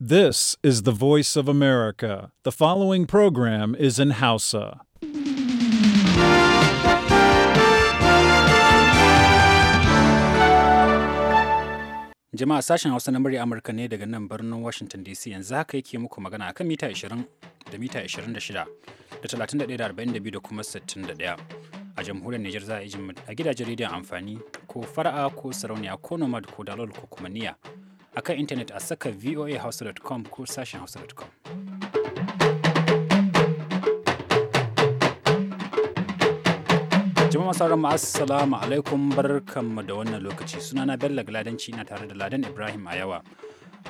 This is the voice of America. The following program is in Hausa. Jama'a sashen Hausa na murya Amurka ne daga nan birnin Washington DC yanzu haka yake muku magana akan mita 20 da mita 26 da 31 da 42 da kuma 61. a jamhuriyar Nijar za a yi a gidajen rediyon amfani ko fara'a ko sarauniya ko nomad ko dalol ko kuma niya a kan intanet a saka voahouse.com ko sashen hausa.com. jama'a sauran assalamu alaikum barkanmu da wannan lokaci sunana bello gladanci na tare da ladan ibrahim a yawa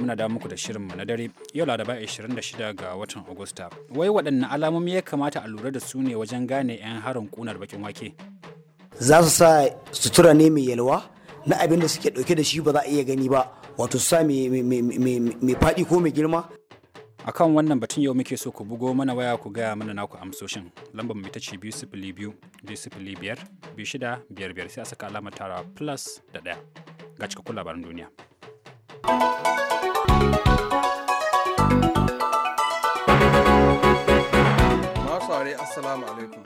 muna da muku da shirinmu na dare yau laraba 26 ga watan agusta wai waɗanne alamomi ya kamata a lura da su ne wajen gane 'yan harin ƙunar bakin wake za su sa sutura ne mai yalwa na abin da suke ɗauke da shi ba za a iya gani ba wato sa mai faɗi ko mai girma a kan wannan batun yau muke so ku bugo mana waya ku gaya mana naku amsoshin lambar mu ita ce biyu sifili biyu biyu sifili biyar biyu shida biyar biyar sai a saka alamar tara plus da ɗaya ga cikakkun labaran duniya masu assalamu alaikum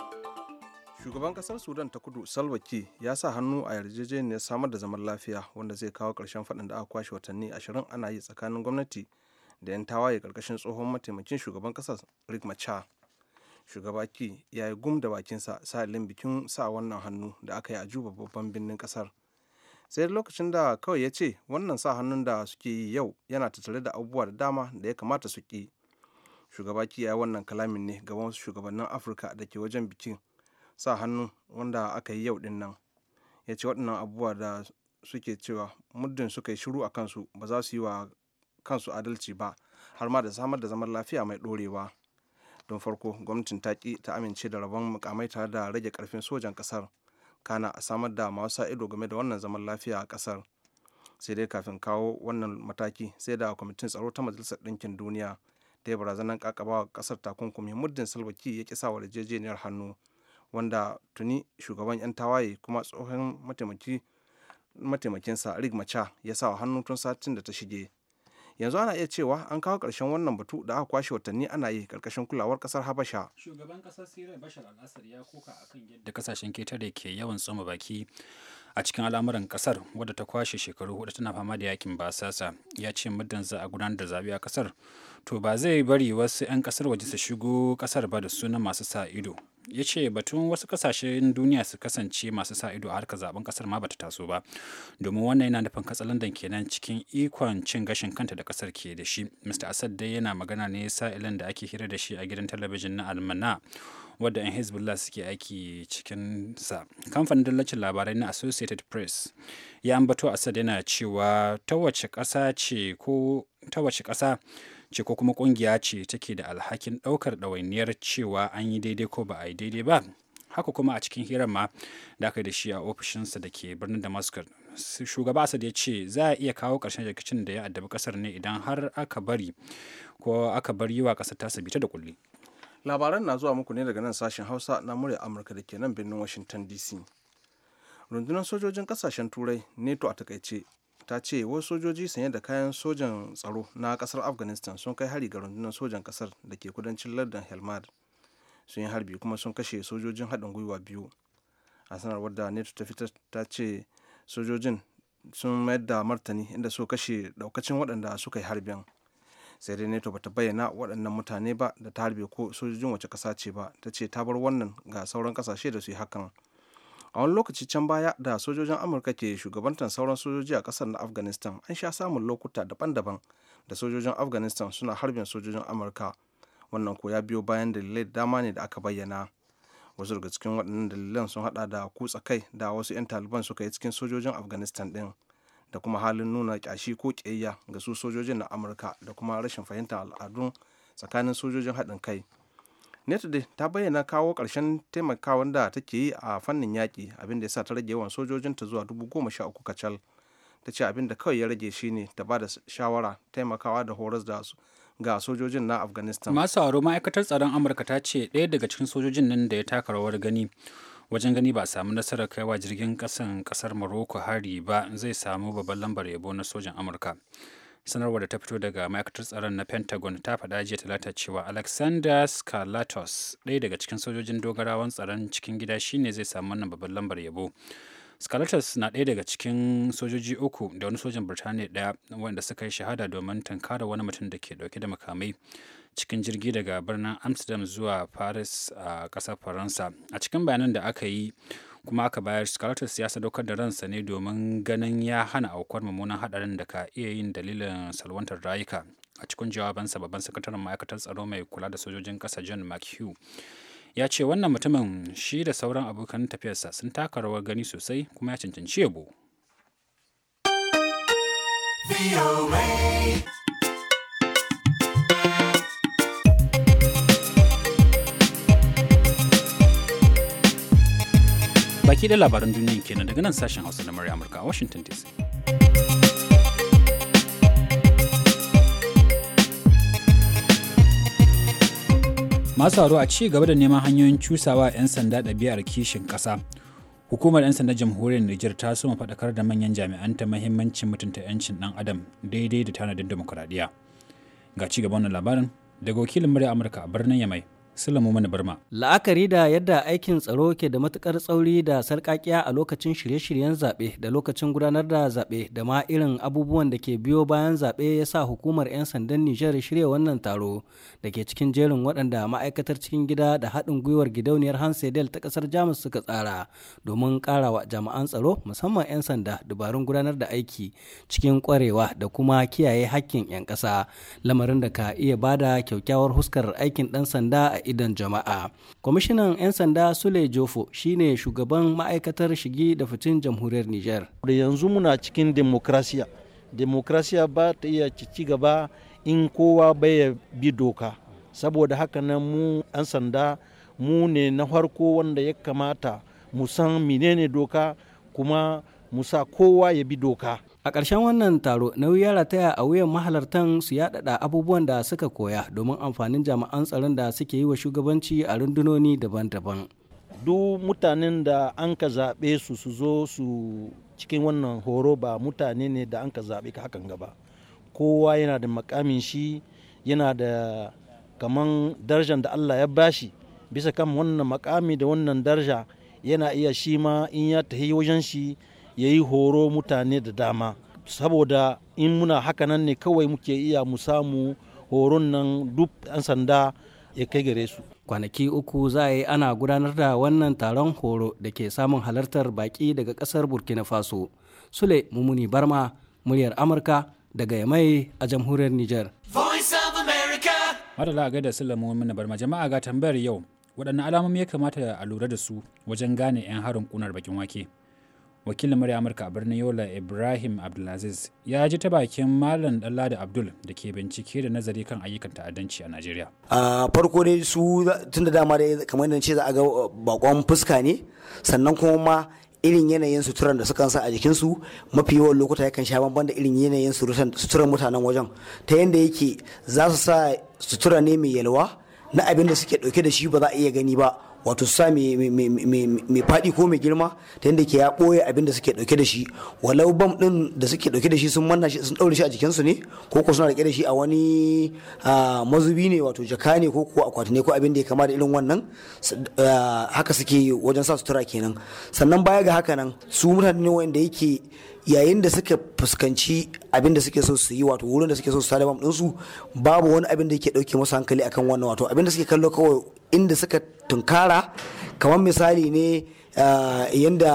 shugaban kasar sudan ta kudu salwa ki ya sa hannu a yarjejeniyar samar da zaman lafiya wanda zai kawo ƙarshen faɗin da aka kwashe watanni ashirin ana yi tsakanin gwamnati da 'yan tawaye ƙarƙashin tsohon mataimakin shugaban kasar rick macha shugaba ki ya yi gum da bakinsa sa'ilin bikin sa wannan hannu da aka yi a juba babban birnin kasar sai lokacin da kawai ya ce wannan sa hannun da suke yi yau yana tattare da abubuwa da dama da ya kamata su ki shugaba ki ya yi wannan kalamin ne ga wasu shugabannin afirka da ke wajen bikin sa hannu wanda aka yi yau din nan ya ce waɗannan abubuwa da suke cewa muddin suka yi shiru a kansu ba za su yi wa kansu adalci ba har ma da samar da zaman lafiya mai ɗorewa don farko gwamnatin ta ƙi ta amince da rabon mukamai tare da rage karfin sojan kasar kana a samar da masu sa ido game da wannan zaman lafiya a ƙasar sai dai kafin kawo wannan mataki sai da kwamitin tsaro ta majalisar ɗinkin duniya da ya barazanar kakabawa ƙasar takunkumi muddin salwaki ya ƙi sa wa yarjejeniyar hannu wanda tuni shugaban 'yan tawaye kuma tsohon mataimakinsa rig macha ya sa hannu tun satin da ta shige yanzu ana iya cewa an kawo ƙarshen wannan batu da aka kwashe watanni ana yi ƙarƙashin kulawar ƙasar habasha shugaban ƙasar sirai bashar al'asar ya koka kan yadda kasashen ketare ke yawan tsoma baki a cikin al'amuran ƙasar wadda ta kwashe shekaru hudu tana fama da yakin basasa ya ce muddin za a gudanar da zaɓe a ƙasar to ba zai bari wasu 'yan ƙasar waje su shigo ƙasar ba da sunan masu sa ido ya ce batun wasu kasashen duniya su kasance masu sa ido a harkar zaben kasar ma bata taso ba domin wannan yana nufin katsalandan kenan cikin ikon cin gashin kanta da kasar ke da shi mr asad dai yana magana ne sa sa'ilin da ake hira da shi a gidan talabijin na almana wadda 'yan hezbollah suke aiki cikin sa kamfanin dallacin labarai na associated press ya ambato asad yana cewa ta wace kasa ce ko ta wace kasa. ce ko kuma kungiya ce take da alhakin daukar ɗawainiyar cewa an yi daidai ko ba a yi daidai ba haka kuma a cikin hirar ma da aka yi da shi a ofishinsa da ke birnin damascus shugaba asad ya ce za a iya kawo ƙarshen rikicin da ya addabi ƙasar ne idan har aka bari ko aka bar yi wa ƙasar tasa bita da kulli labaran na zuwa muku ne daga nan sashen hausa na murya amurka da ke nan birnin washington dc rundunar sojojin kasashen turai neto a takaice ta ce wasu sojoji sanye da kayan sojan tsaro na kasar afghanistan sun kai hari ga rundunar sojan kasar da ke kudancin lardin helmand sun yi harbi kuma sun kashe sojojin haɗin gwiwa biyu a sanarwar da neto ta fitar ta ce sojojin sun mayar da martani inda su kashe daukacin waɗanda suka yi harbin sai dai neto bata bayyana waɗannan mutane ba da ta harbe ko sojojin wace ƙasa ce ba ta ce ta bar wannan ga sauran ƙasashe da su yi hakan a wani lokaci can baya da sojojin amurka ke shugabantar sauran sojoji a kasar na afghanistan an sha samun lokuta daban-daban da sojojin afghanistan suna harbin sojojin amurka wannan ko ya biyo bayan dalilai da dama ne da aka bayyana wasu daga cikin waɗannan dalilan sun hada da kutsa kai da wasu 'yan taliban suka yi cikin sojojin afghanistan ɗin da kuma halin nuna ƙyashi ko ƙiyayya ga su sojojin na amurka da kuma rashin fahimtar al'adun tsakanin sojojin haɗin kai neto ta bayyana kawo ƙarshen taimakawan da take yi a fannin yaƙi abin da ya sa ta rage yawan sojojinta zuwa dubu goma sha uku kacal ta ce abin da kawai ya rage shine ta ba da shawara taimakawa da horas da su ga sojojin na afghanistan masu sauraro ma'aikatar tsaron amurka ta ce ɗaya daga cikin sojojin nan da ya taka rawar gani wajen gani ba a samu nasarar kaiwa jirgin ƙasan ƙasar morocco hari ba zai samu babban lambar yabo na sojan amurka sanarwar da ta fito daga ma'aikatar tsaron na pentagon ta faɗa jiya talata cewa alexander skalatos ɗaya daga cikin sojojin dogarawan tsaron cikin gida shine zai samu wannan babban lambar yabo Scalatus na ɗaya daga cikin sojoji uku da wani sojan Birtaniya ɗaya wanda suka yi shahada domin tankara wani mutum da ke ɗauke da makamai cikin jirgi daga birnin Amsterdam zuwa Paris a ƙasar Faransa. A cikin bayanan da aka yi, kuma aka bayar Scaratus ya sadaukar da ransa ne domin ganin ya hana aukuwar mummunan hadarin da ka iya yin dalilin salwantar rayuka a cikin jawabansa babban sakataren ma'aikatar tsaro mai kula da sojojin ƙasa John McHugh ya ce wannan mutumin shi da sauran abokan tafiyarsa sun taka rawar gani sosai kuma ya cancanci yabo. baki da labaran duniya kenan daga nan sashen hausa na murya amurka a washington dc masu haro a ci gaba da neman hanyoyin cusawa 'yan sanda ɗabi'ar kishin ƙasa hukumar 'yan sanda jamhuriyar niger ta soma faɗakar da manyan jami'an ta mahimmancin mutunta 'yancin ɗan adam daidai da tanadin demokuraɗiyya ga ci gaban labarin daga wakilin murya amurka a birnin yamai Sulamu Mani Barma. La'akari da yadda aikin tsaro ke da matukar tsauri da sarkakiya a lokacin shirye-shiryen zaɓe da lokacin gudanar da zaɓe da ma irin abubuwan da ke biyo bayan zaɓe ya sa hukumar 'yan sandan Nijar shirya wannan taro da ke cikin jerin waɗanda ma'aikatar cikin gida da haɗin gwiwar gidauniyar Hansedel ta ƙasar Jamus suka tsara domin ƙarawa jami'an tsaro musamman 'yan sanda dabarun gudanar da aiki cikin ƙwarewa da kuma kiyaye hakkin 'yan ƙasa lamarin da ka iya bada kyakkyawar huskar aikin ɗan sanda a idon jama'a kwamishinan 'yan sanda sule jofo shine shugaban ma'aikatar shigi da fitin jamhuriyar nijar. da yanzu muna cikin demokrasiya demokrasiya ba ta iya ci gaba in kowa bai bi doka saboda haka nan mu 'yan sanda mu ne na farko wanda ya kamata mu san menene doka kuma mu sa kowa ya bi doka A ƙarshen wannan taro nauyi ya rataya a wuyan mahalartan su yaɗaɗa abubuwan da suka koya domin amfanin jami'an tsaron da suke yi wa shugabanci a rundunoni daban-daban. Duk mutanen da an ka zaɓe su su zo su cikin wannan horo ba mutane ne da an ka zaɓe ka hakan gaba. Kowa yana da makamin shi yana da kaman darajar da Allah ya bashi bisa kan wannan makami da wannan daraja yana iya shi ma in ya tahi wajen shi ya yi horo mutane da dama saboda in muna haka nan ne kawai muke iya mu samu horon nan duk 'yan sanda ya kai gare su kwanaki uku za a yi ana gudanar da wannan taron horo da ke samun halartar baki daga kasar burkina faso sule mumuni barma muryar amurka daga yamai a jamhuriyar niger madala gaida sule mumuni barma jama'a ga tambayar yau waɗanne alamomi ya kamata a lura da su wajen gane 'yan harin kunar bakin wake wakilin murya amurka a birnin yola ibrahim abdulaziz ya ji ta bakin malam dallada abdul da ke bincike da nazari kan ayyukan ta'addanci a najeriya a farko dai su tun da dama dai kamar yadda ce za a ga uh, bakon fuska ne sannan kuma ma irin yanayin suturan da sukan sa a jikinsu mafi yawan lokuta yakan sha bamban da irin yanayin suturan mutanen wajen ta yadda yake za su sa sutura ne mai yalwa na abin da suke dauke da shi ba za a iya gani ba wato sa mai faɗi ko mai girma ta yadda ke ya ɓoye abin da suke ɗauke da shi walau bam ɗin da suke ɗauke da shi sun manna shi sun ɗaure shi a jikinsu ne ko ko suna riƙe da shi a wani mazubi ne wato jaka ne ko ko akwati ne ko abin da ya kama da irin wannan haka suke wajen sa sutura kenan sannan baya ga haka nan su mutane ne wanda yake yayin da suka fuskanci abin da suke so su yi wato wurin da suke so su sada bam ɗinsu babu wani abin da yake ɗauke masu hankali akan wannan wato abin da suke kallo kawai inda suka tunkara kamar misali ne yadda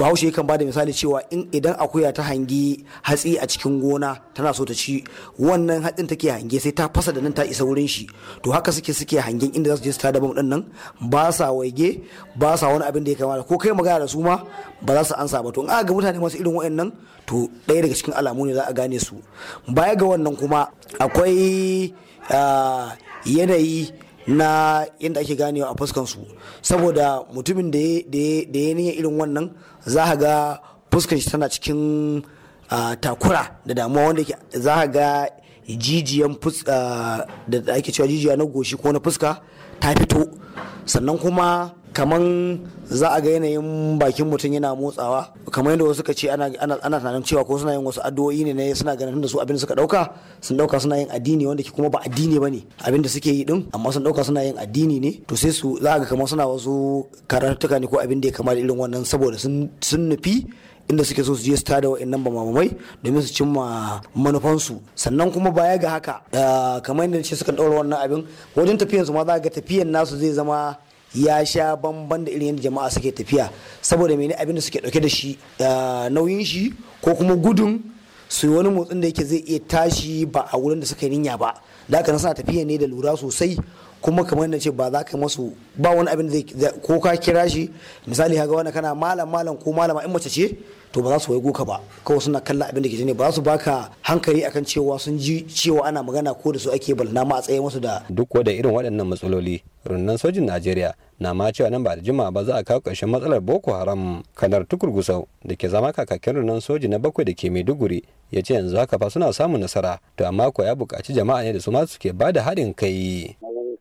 bahaushe kan ba da misali cewa idan akuya ta hangi hatsi a cikin gona tana so ta ci wannan hatsin take hange sai ta fasa da nan ta isa wurin shi to haka suke suke hangen inda za su je su tada bam din nan ba sa waige ba sa wani abin da ya kamata ko kai magana da su ma ba za su ansa ba to in aka ga mutane masu irin wayannan to ɗaya daga cikin alamu ne za a gane su baya ga wannan kuma akwai yanayi na yadda ake ganewa a fuskan su saboda mutumin da ya niyan irin wannan za ga fuskan shi tana cikin takura da damuwa wanda za ka ga jijiyan da ake cewa jijiya na goshi ko na fuska ta fito sannan kuma kaman za a ga yanayin bakin mutum yana motsawa kamar yadda wasu ka ce ana tunanin cewa ko suna yin wasu addu'o'i ne suna ganin da su abin suka dauka sun dauka suna yin addini wanda ke kuma ba addini bane abin da suke yi din amma sun dauka suna yin addini ne to sai su za a ga kamar suna wasu karatuka ne ko abin da ya kama da irin wannan saboda sun nufi inda suke so su je su tada wa'annan ba mamamai domin su cimma manufansu sannan kuma baya ga haka kamar yadda ce suka daura wannan abin wajen tafiyansu ma za a ga tafiyan nasu zai zama ya sha bamban da irin yadda jama'a suke tafiya saboda mene abin da suke dauke da shi eh, nauyin shi ko kuma gudun su wani motsin da yake zai iya tashi ba a wurin da suka yi ninya ba da haka nasa tafiya ne da lura sosai kuma kamar na ce ba za ka masu ba wani abin da ko ka kira shi misali haka wani kana malam malam ko malama in mace ce to ba za su wai ka ba kawai suna kallon abin da ke ne ba za su baka hankali akan cewa sun ji cewa ana magana ko da su ake balna ma a tsaye musu da duk da irin waɗannan matsaloli rundunar sojin Najeriya na ma cewa nan ba da jimawa ba za a kawo karshen matsalar Boko Haram kanar tukurgusau da ke zama kakakin rundunar soji na bakwai da ke Maiduguri ya ce yanzu haka fa suna samun nasara to amma ko ya buƙaci jama'a ne da su ma suke ba da haɗin kai.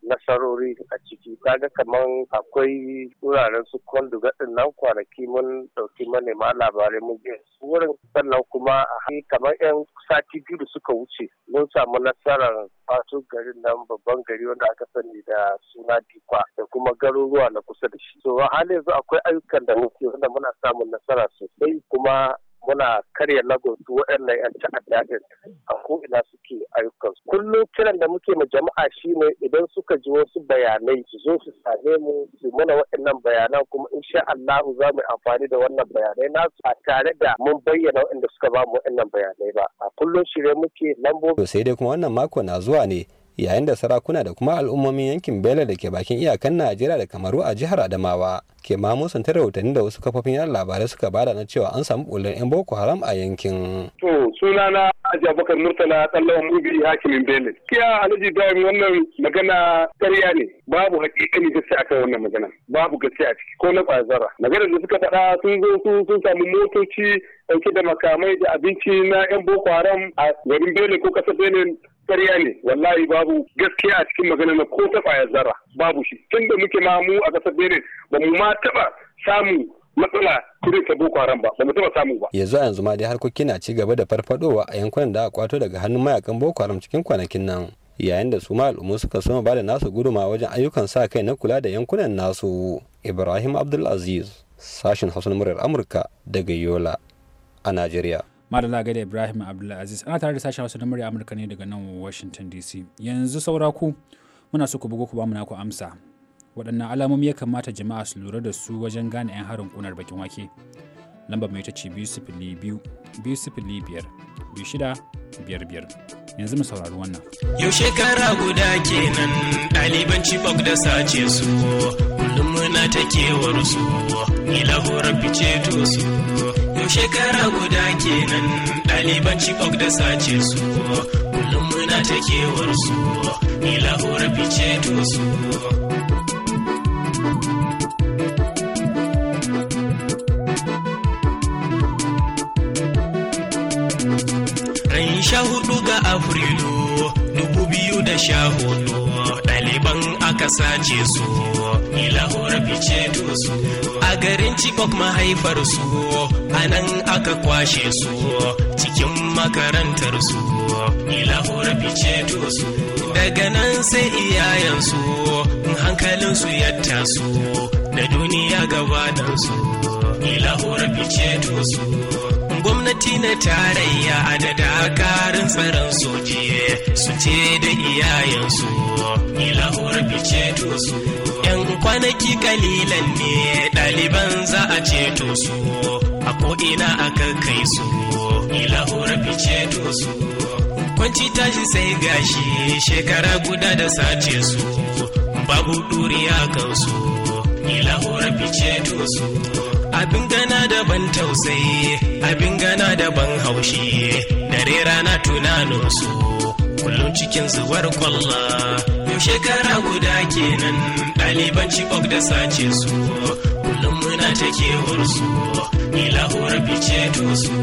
nasarori a ciki kaga kaman akwai wuraren su kwando gaɗin nan kwanaki mun ɗauki manema labarai mun je wurin sannan kuma a kamar yan sati biyu da suka wuce mun samu nasarar fato garin nan babban gari wanda aka sani da suna dikwa da kuma garuruwa na kusa da shi to a halin yanzu akwai ayyukan da muke wanda muna samun nasara sosai kuma muna karya lagos waɗannan 'yan ta'adda ɗin a ina suke ayyukansu kullum kiran da muke ma jama'a shine idan suka ji wasu bayanai su zo su same mu su mana waɗannan bayanan kuma insha Allah za mu amfani da wannan bayanai na a tare da mun bayyana waɗanda suka ba mu waɗannan bayanai ba a kullum shirye muke lambobi sai dai kuma wannan mako na zuwa ne yayin da sarakuna da kuma al'ummomin yankin bela da ke bakin iyakan najeriya da kamaru a jihar adamawa ke ma musanta rahotanni da wasu kafofin yan labarai suka bada na cewa an samu bullar yan boko haram a yankin. to na Alhaji Abubakar Murtala Tsallawan Mubi Hakimin Belin. Kiya Alhaji Ibrahim wannan magana karya ne babu hakikani gaske akan wannan magana babu gaske a ciki ko na kwazara Maganar da suka faɗa sun zo su sun samu motoci ɗauke da makamai da abinci na 'yan Boko Haram a garin Belin ko ƙasar Belin ƙarya ne wallahi babu gaskiya a cikin magana na ko ta ƙwayar zara babu shi tun da muke ma mu a ƙasar benin ba mu ma taɓa samu matsala kudin ta boko haram ba ba mu taba samu ba yanzu a yanzu ma dai harkokin na ci gaba da farfadowa a yankunan da aka kwato daga hannun mayakan boko haram cikin kwanakin nan yayin da su ma al'ummu suka soma ba da nasu guduma wajen ayyukan sa kai na kula da yankunan nasu ibrahim abdulaziz sashin hausa na muryar amurka daga yola a najeriya Madalla gaida Ibrahim Abdulaziz ana tare da sashen wasu murya Amurka ne daga nan Washington DC. Yanzu saura ku muna so ku bugo ku bamu naku amsa. Waɗannan alamomi ya kamata jama'a su lura da su wajen gane 'yan harin kunar bakin wake. Lamba mai ta ce biyu sifili biyu biyar Yanzu mu saurari wannan. Yau shekara guda kenan ɗaliban Chibok da sace su kullum muna ta kewar su ni lahorar fice to su. shekara guda kenan ɗaliban chibok da sace su kullum muna ta kewar su ni lahore fice to su ran sha hudu ga afrilu dubu biyu da sha hudu sace su ni lahore fice su a garin chibok mahaifar su a nan aka kwashe su cikin makarantar su ni lahore fice su daga nan sai iyayensu hankalin su ya su da duniya gaba nan su ni lahore fice su gwamnati na tarayya a da dakarun tsaron soji su ce da iyayensu 'Yan kwanaki kalilan ne ɗaliban za a ceto su, a ko'ina aka kai su, ceto su. Kwanci tashi sai gashi shekara guda da sace su, babu ɗuriya kansu, ceto su. Abin gana da ban tausayi, abin gana da ban haushi, dare rana tunanin su. kullum cikin zuwar kwalla shekara guda kenan ɗaliban chibok da sace su kullum muna ta kewar ni lahorar bice to su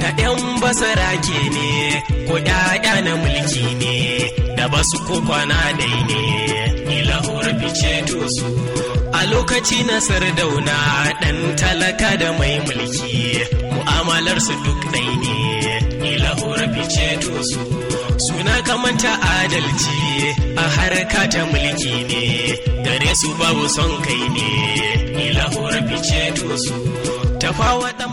da yan basara ke ne ko ƴaƴa na mulki ne da ba su ko kwana dai ne ni lahorar bice to su a lokaci na sardauna ɗan talaka da mai mulki mu'amalar su duk ɗai ne ni lahorar bice to su suna kamanta adalci a harka ta mulki ne gare su babu son kai ne ila fice to su tafawa dan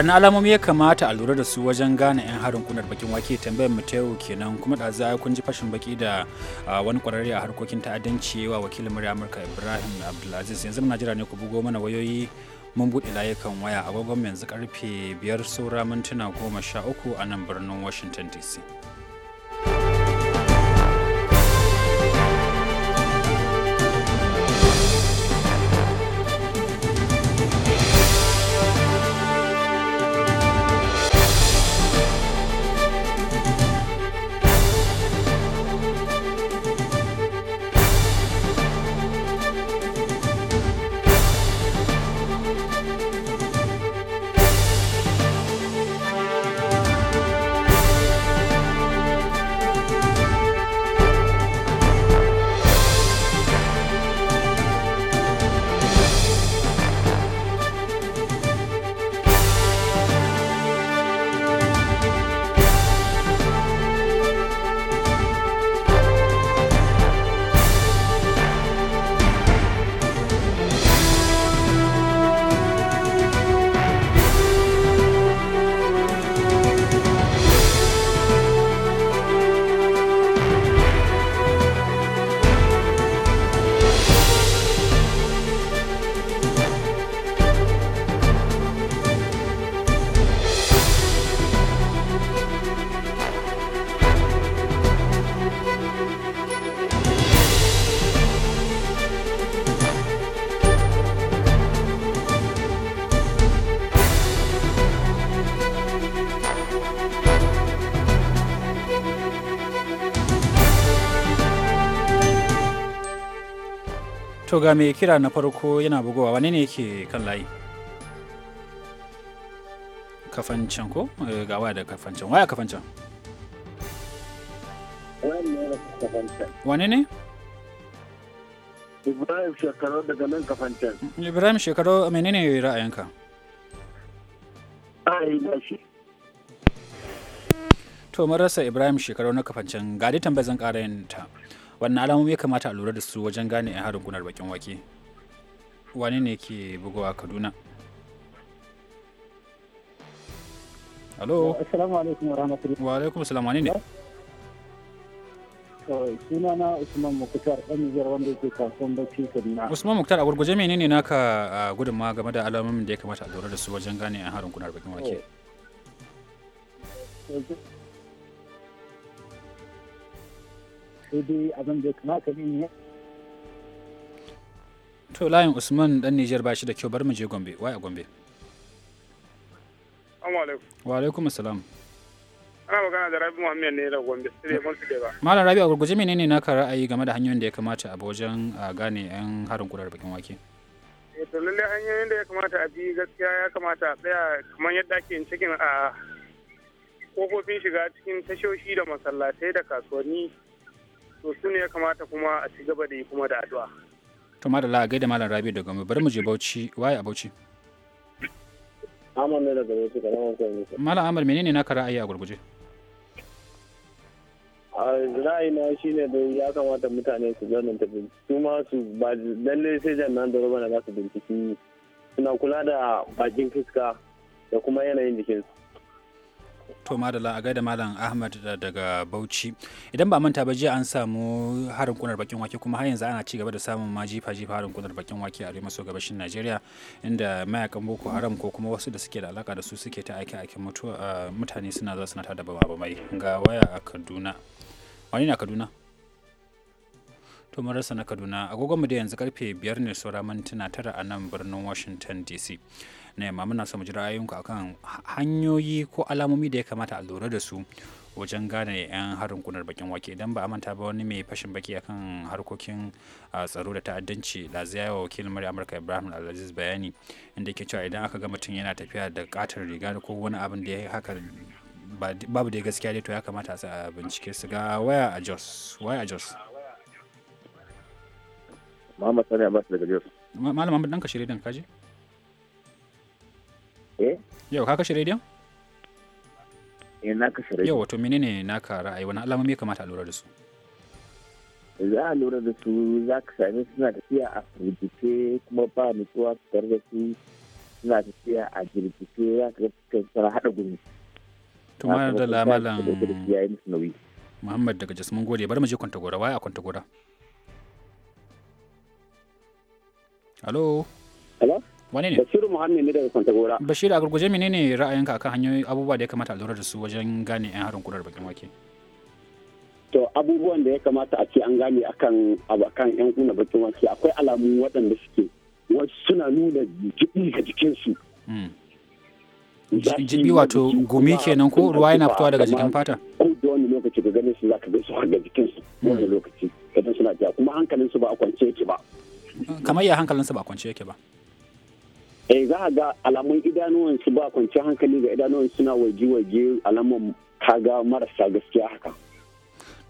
waɗanne alamomi ya kamata a lura da su wajen gane 'yan harin kunar bakin wake tambayar mu yau kenan kuma da za kun ji fashin baki da wani kwararre a harkokin ta'addanci wa wakilin murya amurka ibrahim abdulaziz yanzu muna jira ne ku bugo mana wayoyi mun buɗe layukan waya agogon yanzu karfe biyar saura mintuna goma sha uku a nan birnin washington dc to ga mai kira na farko yana bugowa wane ne yake kan layi kafancan ko eh, ga waya da kafancan waya kafancan wani ne ibrahim shekaru daga nan kafancan ibrahim shekaru menene ra'ayinka ra'ayi da shi to mun rasa ibrahim shekaru na kafancan gadi dai tambayar zan ƙara yin ta wannan alamomi ya kamata a lura da su wajen gane 'yan harin gunar bakin wake wani ne ke bugawa kaduna Alo. alaikum wa Wa alaikum salam wani ne? Suna na Usman mukhtar ɗan Nijar wanda yake kasuwan bacci Kaduna. Usman Muktar a gurguje menene naka gudunma game da alamomin da ya kamata a lura da su wajen gane yan harin kunar bakin wake? Oh. abin da kamata ne to layin usman dan nijar ba shi da kyau bar mu je gombe waya gombe wa alaikum salam ana magana da rabi muhammad ne da gombe sai mun tsike ba malam rabi a gurguje menene naka ra'ayi game da hanyoyin da ya kamata a wajen a gane yan harin kurar bakin wake eh to lalle hanyoyin da ya kamata a bi gaskiya ya kamata a tsaya kamar yadda ake yin cikin a kofofin shiga cikin tashoshi da masallatai da kasuwanni to su ne ya kamata kuma a ci gaba da yi kuma da addu'a to madalla a gaida malam rabi daga gombe bari mu je bauchi waye a bauchi Ahmad ne daga Bauchi karamar kwamfuta. Malam amal menene naka ra'ayi a gurguje? ra'ayina shi ne da ya kamata mutane su zanen ta su ma su ba lallai sai nan da roba na za su binciki suna kula da bakin fuska da kuma yanayin jikinsu to madala a gaida malam ahmad daga bauchi idan ba manta ba jiya an samu harin kunar bakin wake kuma har yanzu ana ci gaba da samun ma jifa jifa harin kunar bakin wake a arewa maso gabashin najeriya inda mayakan boko haram ko kuma wasu da suke da alaka da su suke ta aiki aikin mutane suna zuwa suna tada ba bamai ga waya a kaduna wani ne a kaduna to marasa na kaduna agogonmu da yanzu karfe biyar ne saura mintuna tara a nan birnin washington dc na yamma muna so mu ji ra'ayoyinku akan hanyoyi ko alamomi da ya kamata a lura da su wajen gane 'yan harin kunar bakin wake idan ba a manta ba wani mai fashin baki akan harkokin tsaro da ta'addanci da wa wakilin murya amurka ibrahim alaziz bayani inda ke cewa idan aka ga mutum yana tafiya da katar riga ko wani abin da ya haka babu da gaskiya dai to ya kamata a bincike su ga waya a jos waya a jos Muhammad Sani Abbas daga Jos. Malam Muhammad ɗan kashe rediyon ka je? Eh? Yau ka kashe rediyon? Eh na kashe rediyon. Yau wato menene naka ra'ayi wani alamomi kamata a lura da su? Za a lura da su za ka sami suna tafiya a rubuce kuma ba nutsuwa su tare da su suna tafiya a jirgice za ka ga suna haɗa gumi. Tumar da lamalan Muhammad daga Jasmin gode bari mu je Kwanta Gora waya a Kwanta Gora. Hello. Hello. Wane ne? Bashiru Muhammad ne daga Kwantagora. Bashiru a gurguje menene ra'ayinka akan hanyoyi abubuwa da ya kamata a lura da su wajen gane 'yan harin kudar bakin wake? To abubuwan da ya kamata a ce an gane akan akan 'yan kuna bakin wake akwai alamu waɗanda suke wasu suna nuna jibi ga jikinsu. Hmm. Jibi wato gumi kenan ko ruwa yana fitowa daga jikin fata? Ko da wani lokaci ga ganin su za ka ga su har ga jikinsu hmm. wani lokaci. Kadan suna jiya kuma hankalinsu ba a kwance yake ba. kamar ya hankalinsa ba kwanci yake ba eh za a ga alamun su ba kwanci hankali ga idanuwan suna waje-waje alamun kaga marasa gaskiya haka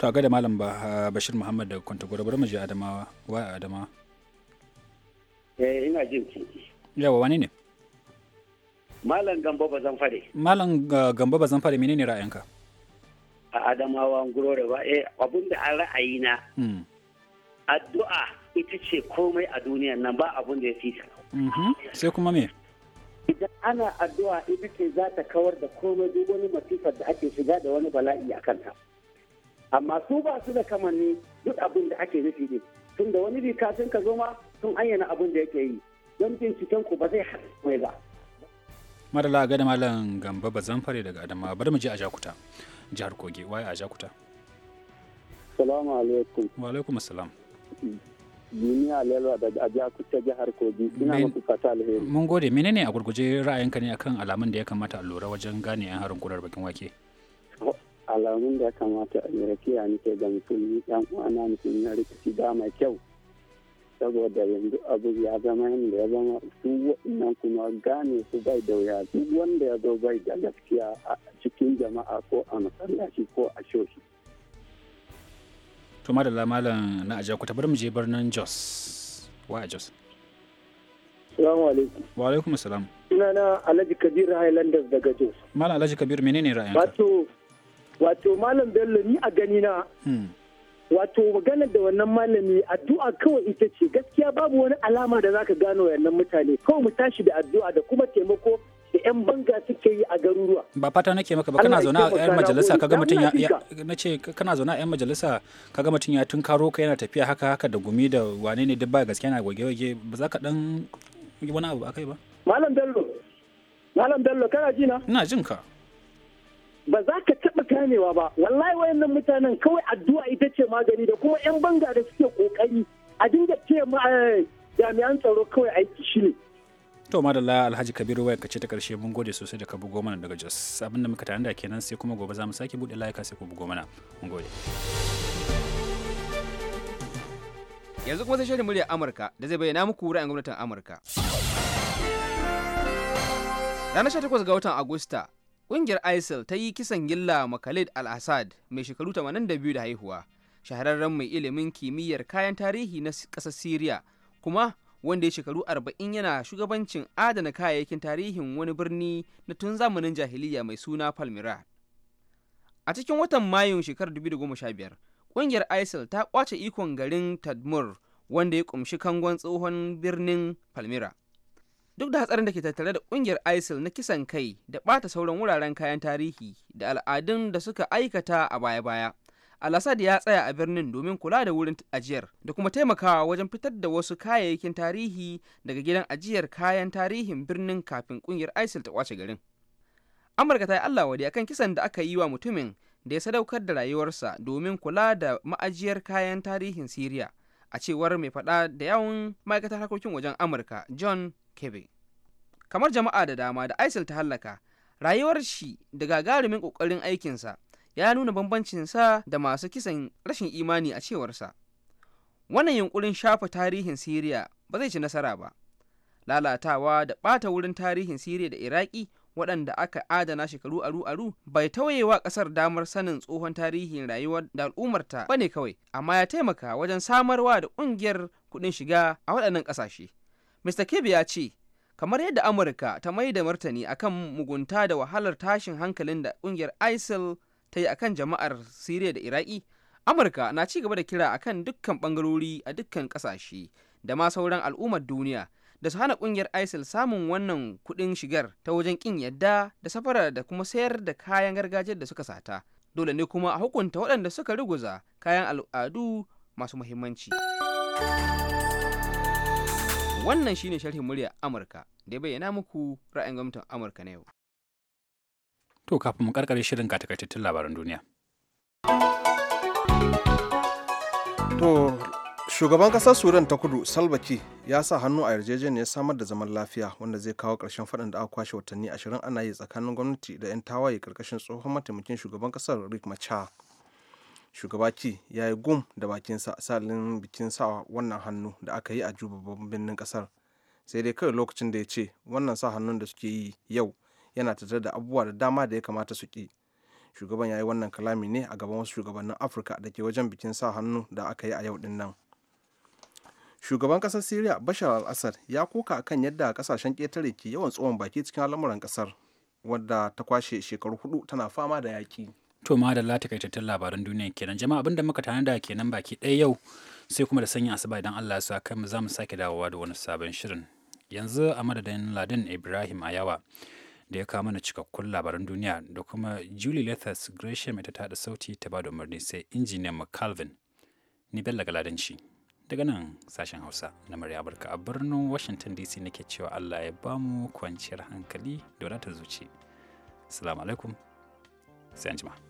to a ga da malam bashir muhammad da gura bari mu adamawa wa adamawa eh ina jin ki yawa wani ne malam gamba ba zan fare malam uh, gamba ba zan fare menene ra'ayinka a adamawa ngurore ba eh abinda an ra'ayina hmm. addu'a ita ce komai a duniya nan ba abun da ya fi mhm. Sai kuma me? Idan ana addu'a ita ce za ta kawar da komai duk wani masifar da ake shiga da wani bala'i a kanta. Amma su ba su da kamanni duk abin da ake nufi ne. Tun da wani bi kafin ka zo ma sun ayyana abin da yake yi. Don binciken ku ba zai haɗu ba. Madala a da Malam Gamba fare daga Adama bari mu je a Jakuta. Jihar Kogi waye a Jakuta. Salamu alaikum. Wa alaikum salam. Mm. duniya lalwa da ajiya ta jihar kogi ina muku fata alheri mun gode menene a gurguje ra'ayinka ne akan alamun da ya kamata a lura wajen gane yan harin kurar bakin wake oh, alamun da ya kamata a lura kiya ke ga ni yan uwana mutum na rikici da mai kyau saboda yanzu abu ya zama yadda ya zama su waɗannan kuma gane su bai da wuya duk wanda ya zo bai da gaskiya a cikin jama'a ko a masallaci ko a shoshi to madalla malam na ajiya ku tabar mu je birnin Jos wa a Jos salamu alaikum wa alaikum assalam ina na Alhaji Kabir Highlanders daga Jos malam Alhaji Kabir menene ra'ayin wato wato malam Bello ni a gani na hmm. wato magana da wannan malami addu'a kawai ita ce gaskiya babu wani alama da zaka gano wannan mutane kawai mu tashi da addu'a da kuma taimako 'yan banga suke yi a garuruwa. Ba fata nake maka ba kana zauna a 'yan majalisa kaga mutum ya nace kana zauna a 'yan majalisa kaga mutum ya karo ka yana tafiya haka haka da gumi da wane ne duk ba gaskiya na goge goge ba za ka dan wani abu akai ba. Malam Bello Malam Bello kana ji na? Ina jin ka. Ba za ka taɓa ganewa ba wallahi wayannan mutanen kawai addu'a ita ce magani da kuma 'yan banga da suke kokari a dinga ce eh, jami'an tsaro kawai aiki shi ne. to madalla alhaji kabiru waya kace ta karshe mun gode sosai da ka bugo mana daga jos abinda muka tare da kenan sai kuma gobe za mu sake bude layuka sai ku bugo mana mun gode yanzu kuma sai shirin murya amurka da zai bayyana muku ra'ayin gwamnatin amurka ranar 18 ga watan agusta kungiyar isil ta yi kisan gilla ma khalid al-assad mai shekaru 82 da haihuwa shahararren mai ilimin kimiyyar kayan tarihi na ƙasar syria kuma wanda ya shekaru arba'in yana shugabancin adana kayayyakin tarihin wani birni na tun zamanin jahiliya mai suna palmira a cikin watan mayun shekarar 2015 ƙungiyar isil ta kwace ikon garin tadmur wanda ya kumshi kangon tsohon birnin palmira duk da hatsarin da ke tattare da ƙungiyar isil na kisan kai da bata sauran wuraren kayan tarihi da al'adun da suka aikata a baya-baya al-assad ya tsaya a birnin domin kula da wurin ajiyar da kuma taimakawa wajen fitar da wasu kayayyakin tarihi daga gidan ajiyar kayan tarihin birnin kafin kungiyar isil ta kwace garin amurka ta yi allah wadi akan kisan da aka yi wa mutumin da ya sadaukar da rayuwarsa domin kula da ma'ajiyar kayan tarihin siriya a cewar mai faɗa da yawun ma'aikatar harkokin wajen amurka john kebe kamar jama'a da dama da isil ta hallaka rayuwar shi da gagarumin ƙoƙarin aikinsa ya nuna bambancinsa da masu kisan rashin imani a cewarsa wannan yunkurin shafa tarihin siriya ba zai ci nasara ba lalatawa da ɓata wurin tarihin siriya da iraki waɗanda aka adana shekaru aru aru bai tauyewa ƙasar damar sanin tsohon tarihin rayuwar da al'ummarta ba ne kawai amma ya taimaka wajen samarwa da ƙungiyar kuɗin shiga a waɗannan ƙasashe mr kebe ya ce kamar yadda amurka ta mai da martani akan mugunta da wahalar tashin hankalin da ƙungiyar isil ta yi akan jama'ar Siriya da Iraki, Amurka na ci gaba da kira akan dukkan bangarori a dukkan kasashe da ma sauran al'ummar duniya da su hana kungiyar ISIL samun wannan kuɗin shigar ta wajen kin yadda da safara da kuma sayar da kayan gargajiyar da suka sata. Dole ne kuma a hukunta waɗanda suka ruguza kayan al'adu masu muhimmanci. Wannan shine sharhin murya Amurka da ya bayyana muku ra'ayin gwamnatin Amurka na yau. To kafin mu karkare shirin ga labaran duniya. To shugaban kasar Sudan ta kudu salbaki ya sa hannu a yarjejeniyar samar da zaman lafiya wanda zai kawo ƙarshen faɗin da aka kwashe watanni ashirin ana yi tsakanin gwamnati da 'yan tawaye karkashin tsohon mataimakin shugaban kasar Rick Machar. Shugaba ya yi gum da bakinsa a salin bikin sa wannan hannu da aka yi a juba babban birnin kasar. Sai dai kawai lokacin da ya ce wannan sa hannun da suke yi yau yana tattare da abubuwa da dama da ya kamata su ki shugaban ya yi wannan kalami ne a gaban wasu shugabannin afirka da ke wajen bikin sa hannu da aka yi a yau din nan shugaban kasar syria bashar al-assad ya kuka akan yadda kasashen ƙetare ke yawan tsohon baki cikin al'amuran kasar wadda ta kwashe shekaru hudu tana fama da yaƙi to madalla tattalin labaran duniya kenan jama'a abinda muka tana da kenan baki ɗaya yau sai kuma da sanya asuba idan Allah ya sa kai mu za mu sake dawowa da wani sabon shirin yanzu a madadin Ladin Ibrahim Ayawa da ya kawo mana cikakkun labaran duniya da kuma Julie Lethers Gresham ita ta da sauti ta ba da umarni sai injiniyan McCalvin ni Bello Galadanci daga nan sashen Hausa na murya Barka a birnin Washington DC nake cewa Allah ya ba mu kwanciyar hankali da wadatar zuci. Assalamu alaikum sai anjima.